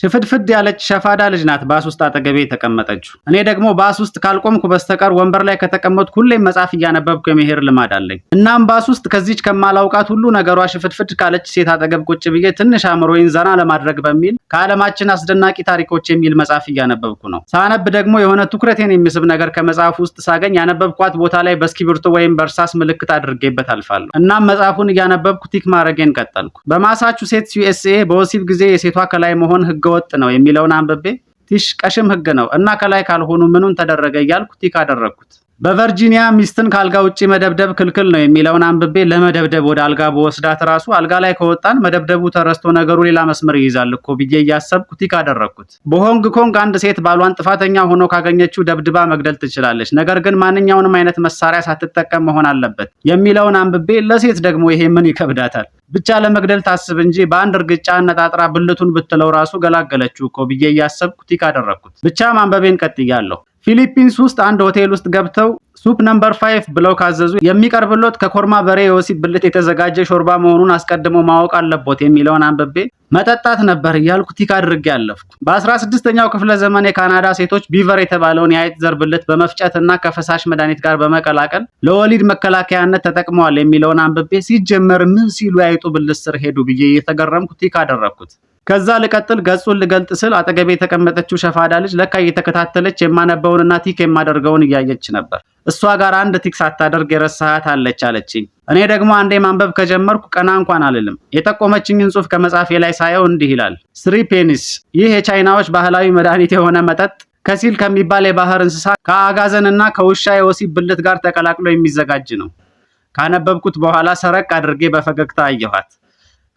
ሽፍድፍድ ያለች ሸፋዳ ልጅ ናት ባስ ውስጥ አጠገቤ የተቀመጠችው። እኔ ደግሞ ባስ ውስጥ ካልቆምኩ በስተቀር ወንበር ላይ ከተቀመጥኩ ሁሌም መጽሐፍ እያነበብኩ የመሄድ ልማድ አለኝ። እናም ባስ ውስጥ ከዚች ከማላውቃት ሁሉ ነገሯ ሽፍድፍድ ካለች ሴት አጠገብ ቁጭ ብዬ ትንሽ አእምሮዬን ዘና ለማድረግ በሚል ከዓለማችን አስደናቂ ታሪኮች የሚል መጽሐፍ እያነበብኩ ነው። ሳነብ ደግሞ የሆነ ትኩረቴን የሚስብ ነገር ከመጽሐፍ ውስጥ ሳገኝ ያነበብኳት ቦታ ላይ በእስክሪብቶ ወይም በእርሳስ ምልክት አድርጌበት አልፋለሁ። እናም መጽሐፉን እያነበብኩ ቲክ ማድረጌን ቀጠልኩ። በማሳቹሴትስ ዩኤስኤ በወሲብ ጊዜ የሴቷ ከላይ መሆን ህግ ህገወጥ ነው የሚለውን አንብቤ ቲሽ ቀሽም ህግ ነው እና ከላይ ካልሆኑ ምኑን ተደረገ እያልኩ ቲክ አደረግኩት። በቨርጂኒያ ሚስትን ከአልጋ ውጪ መደብደብ ክልክል ነው የሚለውን አንብቤ ለመደብደብ ወደ አልጋ በወስዳት ራሱ አልጋ ላይ ከወጣን መደብደቡ ተረስቶ ነገሩ ሌላ መስመር ይይዛል እኮ ብዬ እያሰብኩ ቲክ አደረግኩት። በሆንግ ኮንግ አንድ ሴት ባሏን ጥፋተኛ ሆኖ ካገኘችው ደብድባ መግደል ትችላለች፣ ነገር ግን ማንኛውንም አይነት መሳሪያ ሳትጠቀም መሆን አለበት የሚለውን አንብቤ ለሴት ደግሞ ይሄ ምን ይከብዳታል? ብቻ ለመግደል ታስብ እንጂ በአንድ እርግጫ ነጣጥራ ብልቱን ብትለው ራሱ ገላገለችው እኮ ብዬ እያሰብኩ ቲክ አደረግኩት። ብቻ ማንበቤን ቀጥያለሁ። ፊሊፒንስ ውስጥ አንድ ሆቴል ውስጥ ገብተው ሱፕ ነምበር ፋይቭ ብለው ካዘዙ የሚቀርብሎት ከኮርማ በሬ የወሲብ ብልት የተዘጋጀ ሾርባ መሆኑን አስቀድሞ ማወቅ አለቦት የሚለውን አንብቤ መጠጣት ነበር እያልኩ ቲክ አድርጌ ያለፍኩ። በ16ኛው ክፍለ ዘመን የካናዳ ሴቶች ቢቨር የተባለውን የአይጥ ዘር ብልት በመፍጨት እና ከፈሳሽ መድኃኒት ጋር በመቀላቀል ለወሊድ መከላከያነት ተጠቅመዋል የሚለውን አንብቤ ሲጀመር ምን ሲሉ የአይጡ ብልት ስር ሄዱ ብዬ እየተገረምኩ ቲክ አደረግኩት። ከዛ ልቀጥል ገጹን ልገልጥ ስል አጠገቤ የተቀመጠችው ሸፋዳ ልጅ ለካ እየተከታተለች የማነበውንና ቲክ የማደርገውን እያየች ነበር። እሷ ጋር አንድ ቲክ ሳታደርግ የረሳሃት አለች አለችኝ። እኔ ደግሞ አንዴ ማንበብ ከጀመርኩ ቀና እንኳን አልልም። የጠቆመችኝን ጽሑፍ ከመጻፌ ላይ ሳየው እንዲህ ይላል። ስሪ ፔኒስ፣ ይህ የቻይናዎች ባህላዊ መድኃኒት የሆነ መጠጥ ከሲል ከሚባል የባህር እንስሳ ከአጋዘንና ከውሻ የወሲብ ብልት ጋር ተቀላቅሎ የሚዘጋጅ ነው። ካነበብኩት በኋላ ሰረቅ አድርጌ በፈገግታ አየኋት።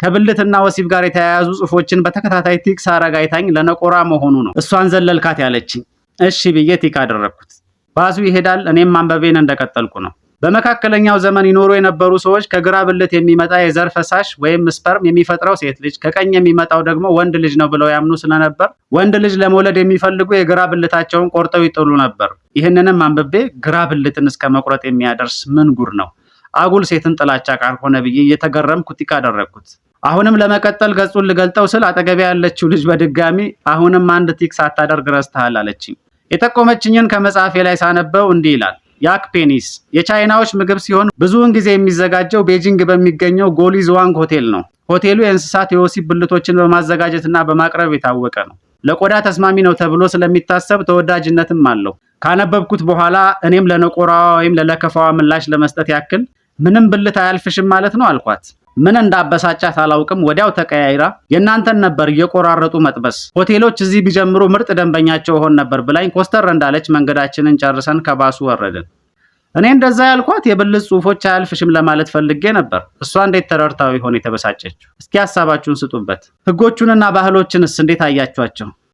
ከብልትና ወሲብ ጋር የተያያዙ ጽሁፎችን በተከታታይ ቲክስ አረግ አይታኝ ለነቆራ መሆኑ ነው እሷን ዘለልካት ያለችኝ። እሺ ብዬ ቲክ አደረግኩት። ባዙ ይሄዳል። እኔም ማንበቤን እንደቀጠልኩ ነው። በመካከለኛው ዘመን ይኖሩ የነበሩ ሰዎች ከግራ ብልት የሚመጣ የዘር ፈሳሽ ወይም ስፐርም የሚፈጥረው ሴት ልጅ፣ ከቀኝ የሚመጣው ደግሞ ወንድ ልጅ ነው ብለው ያምኑ ስለነበር ወንድ ልጅ ለመውለድ የሚፈልጉ የግራ ብልታቸውን ቆርጠው ይጥሉ ነበር። ይህንንም አንብቤ ግራ ብልትን እስከ መቁረጥ የሚያደርስ ምን ጉር ነው? አጉል ሴትን ጥላቻ ካልሆነ ብዬ እየተገረምኩ ቲክ አደረግኩት። አሁንም ለመቀጠል ገጹን ልገልጠው ስል አጠገቤ ያለችው ልጅ በድጋሚ አሁንም አንድ ቲክ ሳታደርግ ረስተሃል አለችኝ። የጠቆመችኝን ከመጽሐፌ ላይ ሳነበው እንዲህ ይላል። ያክ ፔኒስ የቻይናዎች ምግብ ሲሆን ብዙውን ጊዜ የሚዘጋጀው ቤጂንግ በሚገኘው ጎሊዝ ሆቴል ነው። ሆቴሉ የእንስሳት የወሲብ ብልቶችን በማዘጋጀትና በማቅረብ የታወቀ ነው። ለቆዳ ተስማሚ ነው ተብሎ ስለሚታሰብ ተወዳጅነትም አለው። ካነበብኩት በኋላ እኔም ለነቆራዋ ወይም ለለከፋዋ ምላሽ ለመስጠት ያክል ምንም ብልት አያልፍሽም ማለት ነው አልኳት። ምን እንዳበሳጫት አላውቅም። ወዲያው ተቀያይራ የእናንተን ነበር እየቆራረጡ መጥበስ፣ ሆቴሎች እዚህ ቢጀምሩ ምርጥ ደንበኛቸው ሆን ነበር ብላኝ ኮስተር እንዳለች መንገዳችንን ጨርሰን ከባሱ ወረድን። እኔ እንደዛ ያልኳት የብልጽ ጽሁፎች አያልፍሽም ለማለት ፈልጌ ነበር። እሷ እንዴት ተረድታዊ ሆን የተበሳጨችው? እስኪ ሀሳባችሁን ስጡበት። ህጎቹንና ባህሎችንስ እንዴት አያችኋቸው?